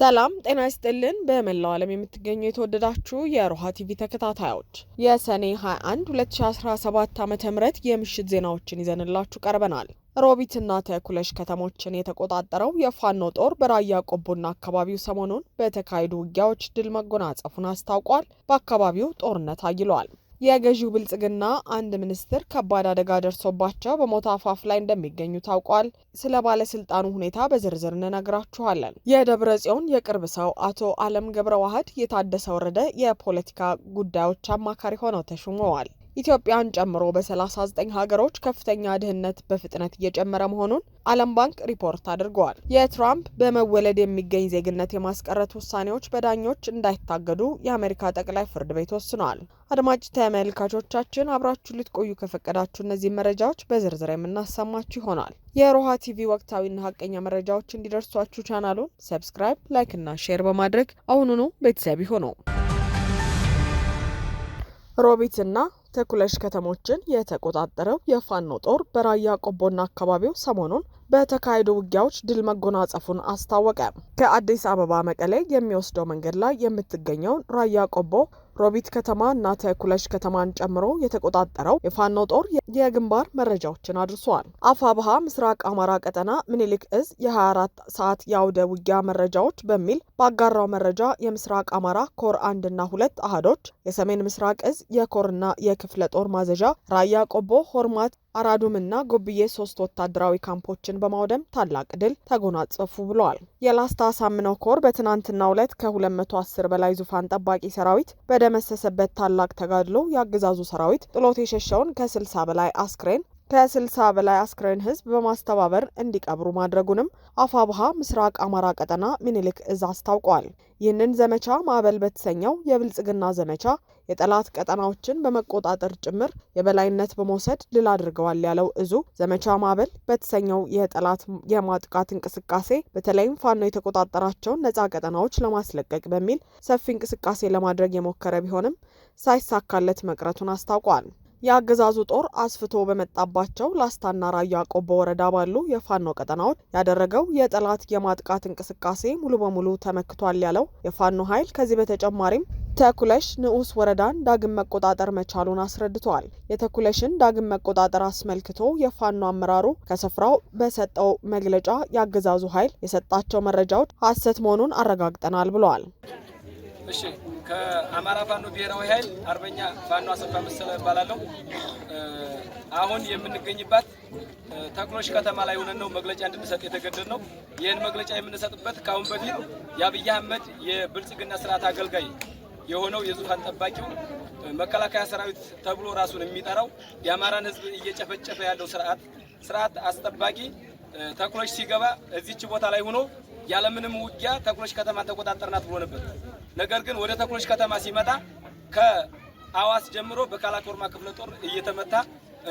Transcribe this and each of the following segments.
ሰላም ጤና ይስጥልን። በመላው ዓለም የምትገኙ የተወደዳችሁ የሮሃ ቲቪ ተከታታዮች የሰኔ 21 2017 ዓ ም የምሽት ዜናዎችን ይዘንላችሁ ቀርበናል። ሮቢትና ተኩለሽ ከተሞችን የተቆጣጠረው የፋኖ ጦር በራያ ቆቦና አካባቢው ሰሞኑን በተካሄዱ ውጊያዎች ድል መጎናጸፉን አስታውቋል። በአካባቢው ጦርነት አይሏል። የገዢው ብልጽግና አንድ ሚኒስትር ከባድ አደጋ ደርሶባቸው በሞት አፋፍ ላይ እንደሚገኙ ታውቋል። ስለ ባለስልጣኑ ሁኔታ በዝርዝር እንነግራችኋለን። የደብረ ጽዮን የቅርብ ሰው አቶ አለም ገብረ ዋህድ የታደሰ ወረደ የፖለቲካ ጉዳዮች አማካሪ ሆነው ተሹመዋል። ኢትዮጵያን ጨምሮ በ39 ሀገሮች ከፍተኛ ድህነት በፍጥነት እየጨመረ መሆኑን ዓለም ባንክ ሪፖርት አድርገዋል። የትራምፕ በመወለድ የሚገኝ ዜግነት የማስቀረት ውሳኔዎች በዳኞች እንዳይታገዱ የአሜሪካ ጠቅላይ ፍርድ ቤት ወስነዋል። አድማጭ ተመልካቾቻችን አብራችሁ ልትቆዩ ከፈቀዳችሁ እነዚህ መረጃዎች በዝርዝር የምናሰማችሁ ይሆናል። የሮሃ ቲቪ ወቅታዊና ሀቀኛ መረጃዎች እንዲደርሷችሁ ቻናሉን ሰብስክራይብ፣ ላይክና ሼር በማድረግ አሁኑኑ ቤተሰብ ይሁኑ። ሮቢትና ተኩለሽ ከተሞችን የተቆጣጠረው የፋኖ ጦር በራያ ቆቦና አካባቢው ሰሞኑን በተካሄዱ ውጊያዎች ድል መጎናጸፉን አስታወቀ። ከአዲስ አበባ መቀሌ የሚወስደው መንገድ ላይ የምትገኘውን ራያ ቆቦ ሮቢት ከተማ እና ተኩለሽ ከተማን ጨምሮ የተቆጣጠረው የፋኖ ጦር የግንባር መረጃዎችን አድርሷል። አፋብሃ ምስራቅ አማራ ቀጠና ምኒልክ እዝ የ24 ሰዓት የአውደ ውጊያ መረጃዎች በሚል ባጋራው መረጃ የምስራቅ አማራ ኮር አንድና ሁለት አህዶች የሰሜን ምስራቅ እዝ የኮርና የክፍለ ጦር ማዘዣ ራያ ቆቦ ሆርማት አራዱምና ጉብዬ ሶስት ወታደራዊ ካምፖችን በማውደም ታላቅ ድል ተጎናጸፉ ብለዋል። የላስታ አሳምነው ኮር በትናንትናው ዕለት ከ210 በላይ ዙፋን ጠባቂ ሰራዊት በደመሰሰበት ታላቅ ተጋድሎ የአገዛዙ ሰራዊት ጥሎት የሸሸውን ከ60 በላይ አስክሬን ከ60 በላይ አስክሬን ህዝብ በማስተባበር እንዲቀብሩ ማድረጉንም አፋብሃ ምስራቅ አማራ ቀጠና ሚኒልክ እዝ አስታውቋል። ይህንን ዘመቻ ማዕበል በተሰኘው የብልጽግና ዘመቻ የጠላት ቀጠናዎችን በመቆጣጠር ጭምር የበላይነት በመውሰድ ድል አድርገዋል ያለው እዙ ዘመቻ ማዕበል በተሰኘው የጠላት የማጥቃት እንቅስቃሴ በተለይም ፋኖ የተቆጣጠራቸውን ነጻ ቀጠናዎች ለማስለቀቅ በሚል ሰፊ እንቅስቃሴ ለማድረግ የሞከረ ቢሆንም ሳይሳካለት መቅረቱን አስታውቋል። የአገዛዙ ጦር አስፍቶ በመጣባቸው ላስታና ራያ ቆቦ ወረዳ ባሉ የፋኖ ቀጠናዎች ያደረገው የጠላት የማጥቃት እንቅስቃሴ ሙሉ በሙሉ ተመክቷል ያለው የፋኖ ኃይል ከዚህ በተጨማሪም ተኩለሽ ንዑስ ወረዳን ዳግም መቆጣጠር መቻሉን አስረድተዋል። የተኩለሽን ዳግም መቆጣጠር አስመልክቶ የፋኖ አመራሩ ከስፍራው በሰጠው መግለጫ ያገዛዙ ኃይል የሰጣቸው መረጃዎች ሐሰት መሆኑን አረጋግጠናል ብለዋል። እሺ ከአማራ ፋኖ ብሔራዊ ኃይል አርበኛ ፋኖ አሰፋ መሰለ እባላለሁ። አሁን የምንገኝባት ተኩሎች ከተማ ላይ ሆነን ነው መግለጫ እንድንሰጥ የተገደድ ነው። ይህን መግለጫ የምንሰጥበት ከአሁን በፊት የአብይ አህመድ የብልጽግና ስርዓት አገልጋይ የሆነው የዙፋን ጠባቂው መከላከያ ሰራዊት ተብሎ ራሱን የሚጠራው የአማራን ህዝብ እየጨፈጨፈ ያለው ስርዓት ስርዓት አስጠባቂ ተኩሎች ሲገባ እዚች ቦታ ላይ ሆኖ ያለምንም ውጊያ ተኩሎች ከተማ ተቆጣጠርናት ብሎ ነበር። ነገር ግን ወደ ተኩሎች ከተማ ሲመጣ ከአዋስ ጀምሮ በካላኮርማ ክፍለ ጦር እየተመታ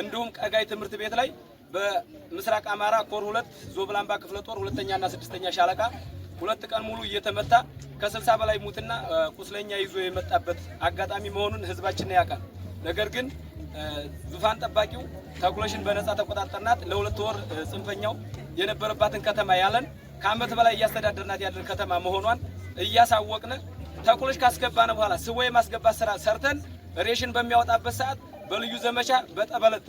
እንዲሁም ቀጋይ ትምህርት ቤት ላይ በምስራቅ አማራ ኮር ሁለት ዞብላምባ ክፍለ ጦር ሁለተኛና ስድስተኛ ሻለቃ ሁለት ቀን ሙሉ እየተመታ ከስልሳ በላይ ሙትና ቁስለኛ ይዞ የመጣበት አጋጣሚ መሆኑን ህዝባችን ያውቃል። ነገር ግን ዙፋን ጠባቂው ተኩለሽን በነፃ ተቆጣጠርናት። ለሁለት ወር ጽንፈኛው የነበረባትን ከተማ ያለን ከአመት በላይ እያስተዳደርናት ያለን ከተማ መሆኗን እያሳወቅን ተኩለሽ ካስገባነ በኋላ ስቦ የማስገባት ስራ ሰርተን ሬሽን በሚያወጣበት ሰዓት በልዩ ዘመቻ በጠበለት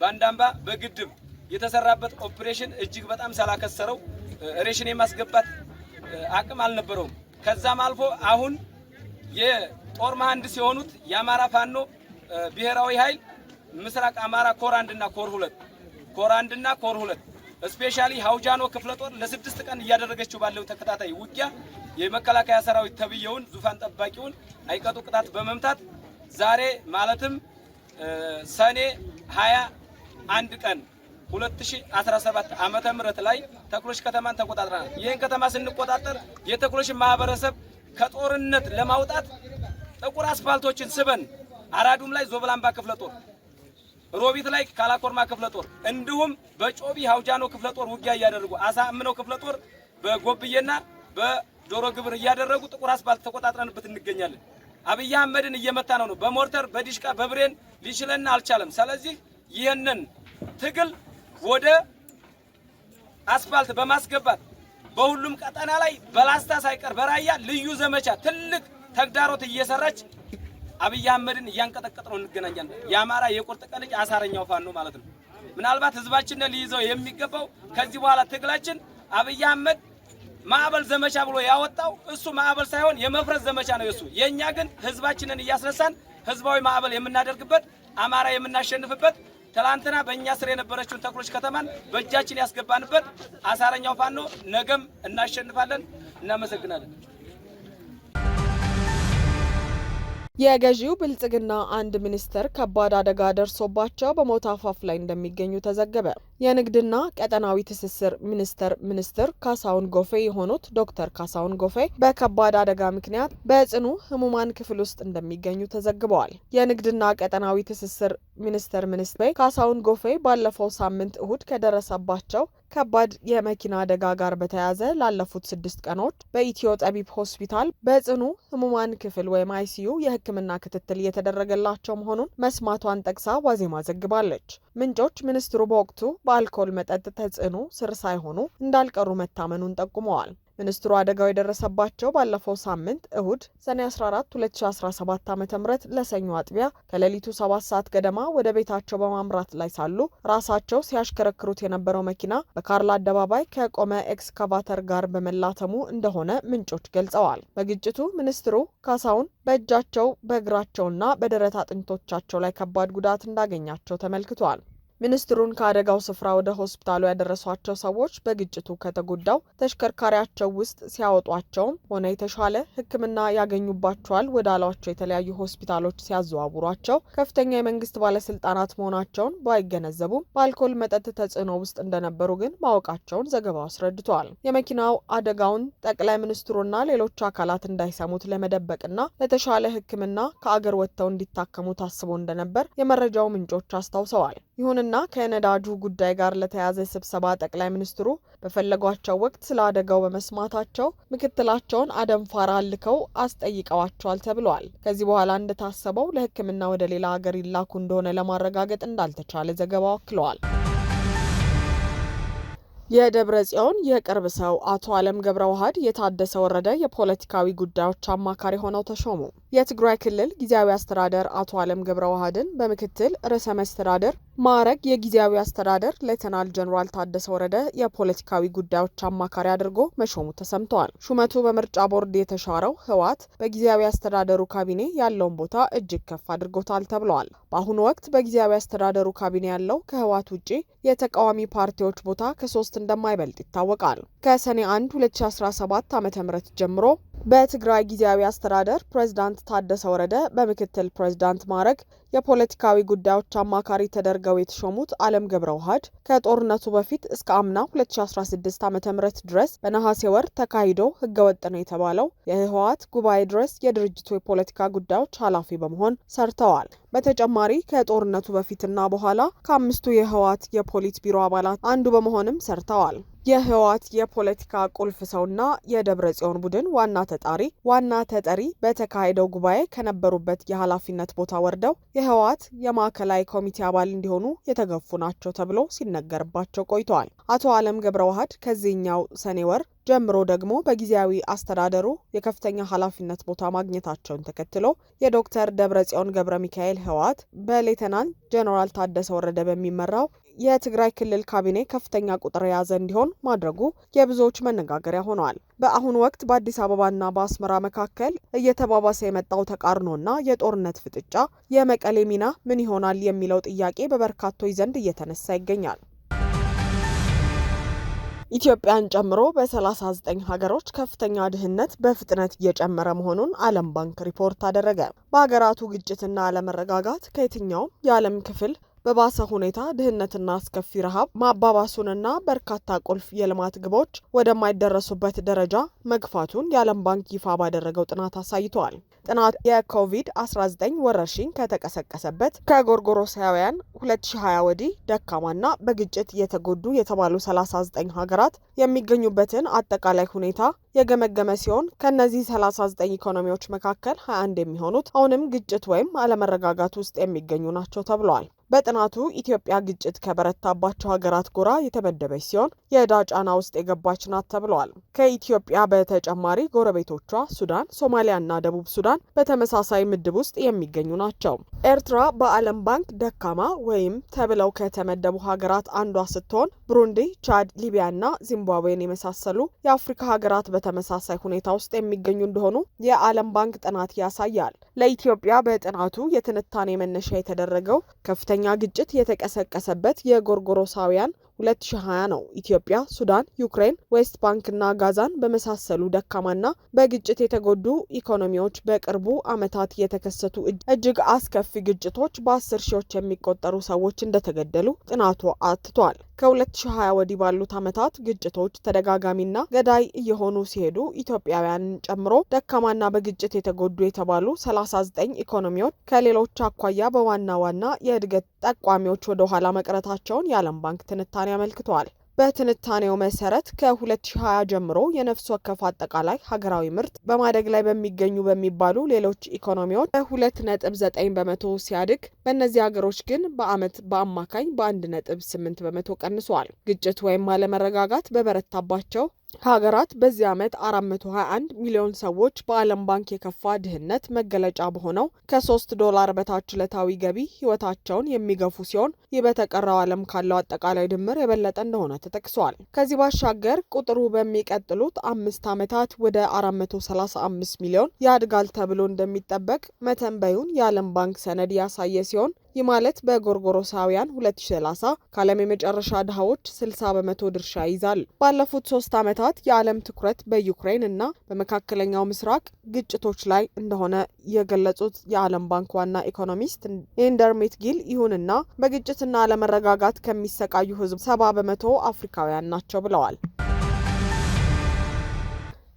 በአንዳምባ በግድብ የተሰራበት ኦፕሬሽን እጅግ በጣም ስላከሰረው ሬሽን የማስገባት አቅም አልነበረውም። ከዛም አልፎ አሁን የጦር መሐንዲስ የሆኑት የአማራ ፋኖ ብሔራዊ ኃይል ምስራቅ አማራ ኮር አንድና ኮር ሁለት ኮር አንድና ኮር ሁለት ስፔሻሊ ሀውጃኖ ክፍለ ጦር ለስድስት ቀን እያደረገችው ባለው ተከታታይ ውጊያ የመከላከያ ሰራዊት ተብየውን ዙፋን ጠባቂውን አይቀጡ ቅጣት በመምታት ዛሬ ማለትም ሰኔ ሀያ አንድ ቀን 2017 ዓመተ ምህረት ላይ ተክሎሽ ከተማን ተቆጣጥረናል። ይህን ከተማ ስንቆጣጠር የተክሎሽን ማህበረሰብ ከጦርነት ለማውጣት ጥቁር አስፋልቶችን ስበን አራዱም ላይ ዞብላምባ ክፍለ ጦር፣ ሮቢት ላይ ካላኮርማ ክፍለ ጦር እንዲሁም በጮቢ ሀውጃኖ ክፍለ ጦር ውጊያ እያደረጉ አሳ አምነው ክፍለ ጦር በጎብዬና በዶሮ ግብር እያደረጉ ጥቁር አስፋልት ተቆጣጥረንበት እንገኛለን። አብይ አህመድን እየመታ ነው ነው በሞርተር በዲሽቃ በብሬን ሊችለን አልቻለም። ስለዚህ ይህንን ትግል ወደ አስፋልት በማስገባት በሁሉም ቀጠና ላይ በላስታ ሳይቀር በራያ ልዩ ዘመቻ ትልቅ ተግዳሮት እየሰራች አብይ አህመድን እያንቀጠቀጥ ነው እንገናኛለን። የአማራ የቁርጥ ቀን ልጅ አሳረኛው ፋኖ ማለት ነው። ምናልባት ህዝባችንን ሊይዘው የሚገባው ከዚህ በኋላ ትግላችን አብይ አህመድ ማዕበል ዘመቻ ብሎ ያወጣው እሱ ማዕበል ሳይሆን የመፍረስ ዘመቻ ነው የሱ። የእኛ ግን ህዝባችንን እያስነሳን ህዝባዊ ማዕበል የምናደርግበት አማራ የምናሸንፍበት ትላንትና በእኛ ስር የነበረችውን ተክሎች ከተማን በእጃችን ያስገባንበት አሳረኛው ፋኖ ነገም እናሸንፋለን። እናመሰግናለን። የገዢው ብልጽግና አንድ ሚኒስተር ከባድ አደጋ ደርሶባቸው በሞት አፋፍ ላይ እንደሚገኙ ተዘገበ። የንግድና ቀጠናዊ ትስስር ሚኒስቴር ሚኒስትር ካሳሁን ጎፌ የሆኑት ዶክተር ካሳሁን ጎፌ በከባድ አደጋ ምክንያት በጽኑ ህሙማን ክፍል ውስጥ እንደሚገኙ ተዘግበዋል። የንግድና ቀጠናዊ ትስስር ሚኒስቴር ሚኒስትር ካሳሁን ጎፌ ባለፈው ሳምንት እሁድ ከደረሰባቸው ከባድ የመኪና አደጋ ጋር በተያያዘ ላለፉት ስድስት ቀኖች በኢትዮ ጠቢብ ሆስፒታል በጽኑ ህሙማን ክፍል ወይም አይሲዩ የህክምና ክትትል እየተደረገላቸው መሆኑን መስማቷን ጠቅሳ ዋዜማ ዘግባለች። ምንጮች ሚኒስትሩ በወቅቱ በአልኮል መጠጥ ተጽዕኖ ስር ሳይሆኑ እንዳልቀሩ መታመኑን ጠቁመዋል። ሚኒስትሩ አደጋው የደረሰባቸው ባለፈው ሳምንት እሁድ ሰኔ 14 2017 ዓ ም ለሰኞ አጥቢያ ከሌሊቱ 7 ሰዓት ገደማ ወደ ቤታቸው በማምራት ላይ ሳሉ ራሳቸው ሲያሽከረክሩት የነበረው መኪና በካርል አደባባይ ከቆመ ኤክስካቫተር ጋር በመላተሙ እንደሆነ ምንጮች ገልጸዋል። በግጭቱ ሚኒስትሩ ካሳውን በእጃቸው በእግራቸውና በደረት አጥንቶቻቸው ላይ ከባድ ጉዳት እንዳገኛቸው ተመልክቷል። ሚኒስትሩን ከአደጋው ስፍራ ወደ ሆስፒታሉ ያደረሷቸው ሰዎች በግጭቱ ከተጎዳው ተሽከርካሪያቸው ውስጥ ሲያወጧቸውም ሆነ የተሻለ ሕክምና ያገኙባቸዋል ወዳሏቸው የተለያዩ ሆስፒታሎች ሲያዘዋውሯቸው ከፍተኛ የመንግስት ባለስልጣናት መሆናቸውን ባይገነዘቡም በአልኮል መጠጥ ተጽዕኖ ውስጥ እንደነበሩ ግን ማወቃቸውን ዘገባው አስረድተዋል። የመኪናው አደጋውን ጠቅላይ ሚኒስትሩና ሌሎች አካላት እንዳይሰሙት ለመደበቅና ለተሻለ ሕክምና ከአገር ወጥተው እንዲታከሙ ታስቦ እንደነበር የመረጃው ምንጮች አስታውሰዋል። ይሁንና ከነዳጁ ጉዳይ ጋር ለተያዘ ስብሰባ ጠቅላይ ሚኒስትሩ በፈለጓቸው ወቅት ስለ አደጋው በመስማታቸው ምክትላቸውን አደም ፋራ ልከው አስጠይቀዋቸዋል ተብለዋል። ከዚህ በኋላ እንደታሰበው ለሕክምና ወደ ሌላ ሀገር ይላኩ እንደሆነ ለማረጋገጥ እንዳልተቻለ ዘገባው አክለዋል። የደብረ ጽዮን የቅርብ ሰው አቶ አለም ገብረ ዋህድ የታደሰ ወረደ የፖለቲካዊ ጉዳዮች አማካሪ ሆነው ተሾሙ። የትግራይ ክልል ጊዜያዊ አስተዳደር አቶ አለም ገብረ ዋህድን በምክትል ርዕሰ መስተዳደር ማዕረግ የጊዜያዊ አስተዳደር ሌተናል ጀኔራል ታደሰ ወረደ የፖለቲካዊ ጉዳዮች አማካሪ አድርጎ መሾሙ ተሰምተዋል። ሹመቱ በምርጫ ቦርድ የተሻረው ህወሓት በጊዜያዊ አስተዳደሩ ካቢኔ ያለውን ቦታ እጅግ ከፍ አድርጎታል ተብለዋል። በአሁኑ ወቅት በጊዜያዊ አስተዳደሩ ካቢኔ ያለው ከህወሓት ውጭ የተቃዋሚ ፓርቲዎች ቦታ ከሶስት እንደማይበልጥ ይታወቃል። ከሰኔ 1 2017 ዓ ም ጀምሮ በትግራይ ጊዜያዊ አስተዳደር ፕሬዝዳንት ታደሰ ወረደ በምክትል ፕሬዝዳንት ማዕረግ የፖለቲካዊ ጉዳዮች አማካሪ ተደርገው የተሾሙት አለም ገብረ ውሃድ ከጦርነቱ በፊት እስከ አምና 2016 ዓ ም ድረስ በነሐሴ ወር ተካሂዶ ህገወጥ ነው የተባለው የህወሀት ጉባኤ ድረስ የድርጅቱ የፖለቲካ ጉዳዮች ኃላፊ በመሆን ሰርተዋል። በተጨማሪ ከጦርነቱ በፊትና በኋላ ከአምስቱ የህወሀት የፖሊት ቢሮ አባላት አንዱ በመሆንም ሰርተዋል። የህወሓት የፖለቲካ ቁልፍ ሰውና የደብረ ጽዮን ቡድን ዋና ተጣሪ ዋና ተጠሪ በተካሄደው ጉባኤ ከነበሩበት የኃላፊነት ቦታ ወርደው የህወሓት የማዕከላዊ ኮሚቴ አባል እንዲሆኑ የተገፉ ናቸው ተብሎ ሲነገርባቸው ቆይተዋል። አቶ አለም ገብረ ዋህድ ከዚህኛው ሰኔ ወር ጀምሮ ደግሞ በጊዜያዊ አስተዳደሩ የከፍተኛ ኃላፊነት ቦታ ማግኘታቸውን ተከትሎ የዶክተር ደብረ ጽዮን ገብረ ሚካኤል ህወሓት በሌተናንት ጀኔራል ታደሰ ወረደ በሚመራው የትግራይ ክልል ካቢኔ ከፍተኛ ቁጥር የያዘ እንዲሆን ማድረጉ የብዙዎች መነጋገሪያ ሆነዋል። በአሁኑ ወቅት በአዲስ አበባና በአስመራ መካከል እየተባባሰ የመጣው ተቃርኖና የጦርነት ፍጥጫ የመቀሌ ሚና ምን ይሆናል የሚለው ጥያቄ በበርካቶች ዘንድ እየተነሳ ይገኛል። ኢትዮጵያን ጨምሮ በ39 ሀገሮች ከፍተኛ ድህነት በፍጥነት እየጨመረ መሆኑን ዓለም ባንክ ሪፖርት አደረገ። በሀገራቱ ግጭትና አለመረጋጋት ከየትኛውም የዓለም ክፍል በባሰ ሁኔታ ድህነትና አስከፊ ረሃብ ማባባሱንና በርካታ ቁልፍ የልማት ግቦች ወደማይደረሱበት ደረጃ መግፋቱን የዓለም ባንክ ይፋ ባደረገው ጥናት አሳይተዋል። ጥናት የኮቪድ-19 ወረርሽኝ ከተቀሰቀሰበት ከጎርጎሮሳውያን 2020 ወዲህ ደካማና በግጭት የተጎዱ የተባሉ 39 ሀገራት የሚገኙበትን አጠቃላይ ሁኔታ የገመገመ ሲሆን ከእነዚህ 39 ኢኮኖሚዎች መካከል 21 የሚሆኑት አሁንም ግጭት ወይም አለመረጋጋት ውስጥ የሚገኙ ናቸው ተብለዋል። በጥናቱ ኢትዮጵያ ግጭት ከበረታባቸው ሀገራት ጎራ የተመደበች ሲሆን የዕዳ ጫና ውስጥ የገባች ናት ተብለዋል። ከኢትዮጵያ በተጨማሪ ጎረቤቶቿ ሱዳን፣ ሶማሊያና ደቡብ ሱዳን በተመሳሳይ ምድብ ውስጥ የሚገኙ ናቸው። ኤርትራ በዓለም ባንክ ደካማ ወይም ተብለው ከተመደቡ ሀገራት አንዷ ስትሆን ብሩንዲ፣ ቻድ፣ ሊቢያ እና ዚምባብዌን የመሳሰሉ የአፍሪካ ሀገራት በተመሳሳይ ሁኔታ ውስጥ የሚገኙ እንደሆኑ የዓለም ባንክ ጥናት ያሳያል። ለኢትዮጵያ በጥናቱ የትንታኔ መነሻ የተደረገው ከፍተኛ ግጭት የተቀሰቀሰበት የጎርጎሮሳውያን 2020 ነው። ኢትዮጵያ፣ ሱዳን፣ ዩክሬን፣ ዌስት ባንክና ጋዛን በመሳሰሉ ደካማና በግጭት የተጎዱ ኢኮኖሚዎች በቅርቡ ዓመታት የተከሰቱ እጅግ አስከፊ ግጭቶች በአስር ሺዎች የሚቆጠሩ ሰዎች እንደተገደሉ ጥናቱ አትቷል። ከ2020 ወዲህ ባሉት ዓመታት ግጭቶች ተደጋጋሚና ገዳይ እየሆኑ ሲሄዱ ኢትዮጵያውያንን ጨምሮ ደካማና በግጭት የተጎዱ የተባሉ 39 ኢኮኖሚዎች ከሌሎች አኳያ በዋና ዋና የእድገት ጠቋሚዎች ወደ ኋላ መቅረታቸውን የዓለም ባንክ ትንታኔ አመልክተዋል። በትንታኔው መሰረት ከ2020 ጀምሮ የነፍስ ወከፍ አጠቃላይ ሀገራዊ ምርት በማደግ ላይ በሚገኙ በሚባሉ ሌሎች ኢኮኖሚዎች በ2.9 በመቶ ሲያድግ በእነዚህ ሀገሮች ግን በአመት በአማካኝ በ1.8 በመቶ ቀንሷል። ግጭት ወይም አለመረጋጋት በበረታባቸው ሀገራት በዚህ ዓመት 421 ሚሊዮን ሰዎች በዓለም ባንክ የከፋ ድህነት መገለጫ በሆነው ከሶስት ዶላር በታች ዕለታዊ ገቢ ህይወታቸውን የሚገፉ ሲሆን ይህ በተቀረው ዓለም ካለው አጠቃላይ ድምር የበለጠ እንደሆነ ተጠቅሷል። ከዚህ ባሻገር ቁጥሩ በሚቀጥሉት አምስት ዓመታት ወደ 435 ሚሊዮን ያድጋል ተብሎ እንደሚጠበቅ መተንበዩን የዓለም ባንክ ሰነድ ያሳየ ሲሆን ይህ ማለት በጎርጎሮሳውያን 2030 ከዓለም የመጨረሻ ድሃዎች 60 በመቶ ድርሻ ይዛል። ባለፉት ሶስት ዓመታት የዓለም ትኩረት በዩክሬን እና በመካከለኛው ምስራቅ ግጭቶች ላይ እንደሆነ የገለጹት የዓለም ባንክ ዋና ኢኮኖሚስት ኢንደርሚት ጊል፣ ይሁንና በግጭትና አለመረጋጋት ከሚሰቃዩ ህዝብ 70 በመቶ አፍሪካውያን ናቸው ብለዋል።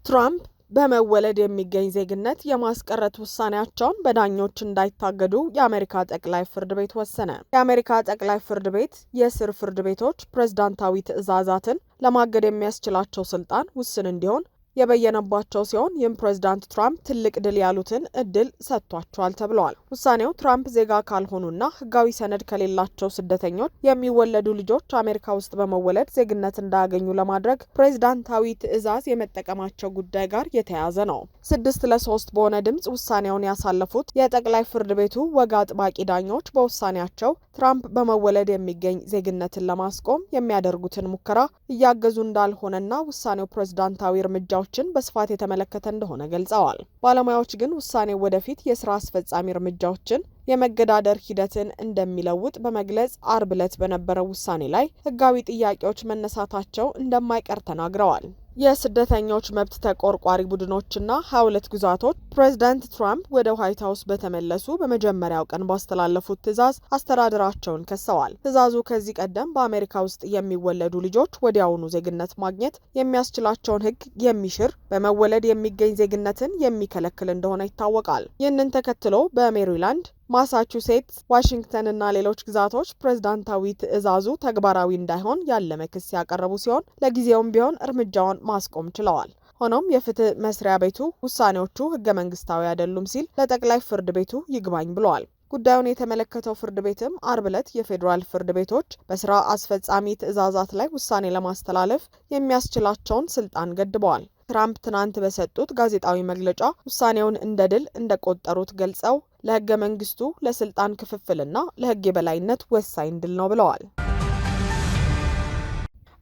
ትራምፕ በመወለድ የሚገኝ ዜግነት የማስቀረት ውሳኔያቸውን በዳኞች እንዳይታገዱ የአሜሪካ ጠቅላይ ፍርድ ቤት ወሰነ። የአሜሪካ ጠቅላይ ፍርድ ቤት የስር ፍርድ ቤቶች ፕሬዝዳንታዊ ትዕዛዛትን ለማገድ የሚያስችላቸው ስልጣን ውስን እንዲሆን የበየነባቸው ሲሆን ይህም ፕሬዚዳንት ትራምፕ ትልቅ ድል ያሉትን እድል ሰጥቷቸዋል ተብለዋል። ውሳኔው ትራምፕ ዜጋ ካልሆኑና ህጋዊ ሰነድ ከሌላቸው ስደተኞች የሚወለዱ ልጆች አሜሪካ ውስጥ በመወለድ ዜግነት እንዳያገኙ ለማድረግ ፕሬዚዳንታዊ ትዕዛዝ የመጠቀማቸው ጉዳይ ጋር የተያያዘ ነው። ስድስት ለሶስት በሆነ ድምጽ ውሳኔውን ያሳለፉት የጠቅላይ ፍርድ ቤቱ ወግ አጥባቂ ዳኞች በውሳኔያቸው ትራምፕ በመወለድ የሚገኝ ዜግነትን ለማስቆም የሚያደርጉትን ሙከራ እያገዙ እንዳልሆነና ውሳኔው ፕሬዚዳንታዊ እርምጃው ሁኔታዎችን በስፋት የተመለከተ እንደሆነ ገልጸዋል። ባለሙያዎች ግን ውሳኔው ወደፊት የስራ አስፈጻሚ እርምጃዎችን የመገዳደር ሂደትን እንደሚለውጥ በመግለጽ አርብ ዕለት በነበረው ውሳኔ ላይ ሕጋዊ ጥያቄዎች መነሳታቸው እንደማይቀር ተናግረዋል። የስደተኞች መብት ተቆርቋሪ ቡድኖችና ሀያ ሁለት ግዛቶች ፕሬዚዳንት ትራምፕ ወደ ዋይት ሀውስ በተመለሱ በመጀመሪያው ቀን ባስተላለፉት ትዕዛዝ አስተዳደራቸውን ከሰዋል። ትዕዛዙ ከዚህ ቀደም በአሜሪካ ውስጥ የሚወለዱ ልጆች ወዲያውኑ ዜግነት ማግኘት የሚያስችላቸውን ሕግ የሚሽር በመወለድ የሚገኝ ዜግነትን የሚከለክል እንደሆነ ይታወቃል። ይህንን ተከትሎ በሜሪላንድ ማሳቹሴትስ፣ ዋሽንግተን እና ሌሎች ግዛቶች ፕሬዝዳንታዊ ትዕዛዙ ተግባራዊ እንዳይሆን ያለመ ክስ ያቀረቡ ሲሆን ለጊዜውም ቢሆን እርምጃውን ማስቆም ችለዋል። ሆኖም የፍትህ መስሪያ ቤቱ ውሳኔዎቹ ህገ መንግስታዊ አይደሉም ሲል ለጠቅላይ ፍርድ ቤቱ ይግባኝ ብለዋል። ጉዳዩን የተመለከተው ፍርድ ቤትም አርብ ዕለት የፌዴራል ፍርድ ቤቶች በስራ አስፈጻሚ ትዕዛዛት ላይ ውሳኔ ለማስተላለፍ የሚያስችላቸውን ስልጣን ገድበዋል። ትራምፕ ትናንት በሰጡት ጋዜጣዊ መግለጫ ውሳኔውን እንደ ድል እንደቆጠሩት ገልጸው ለህገ መንግስቱ ለስልጣን ክፍፍልና ለህግ የበላይነት ወሳኝ ድል ነው ብለዋል።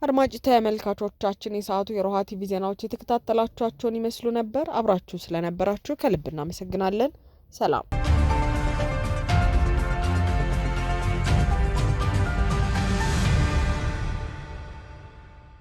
አድማጭ ተመልካቾቻችን የሰዓቱ የሮሃ ቲቪ ዜናዎች የተከታተላችኋቸውን ይመስሉ ነበር። አብራችሁ ስለነበራችሁ ከልብ እናመሰግናለን። ሰላም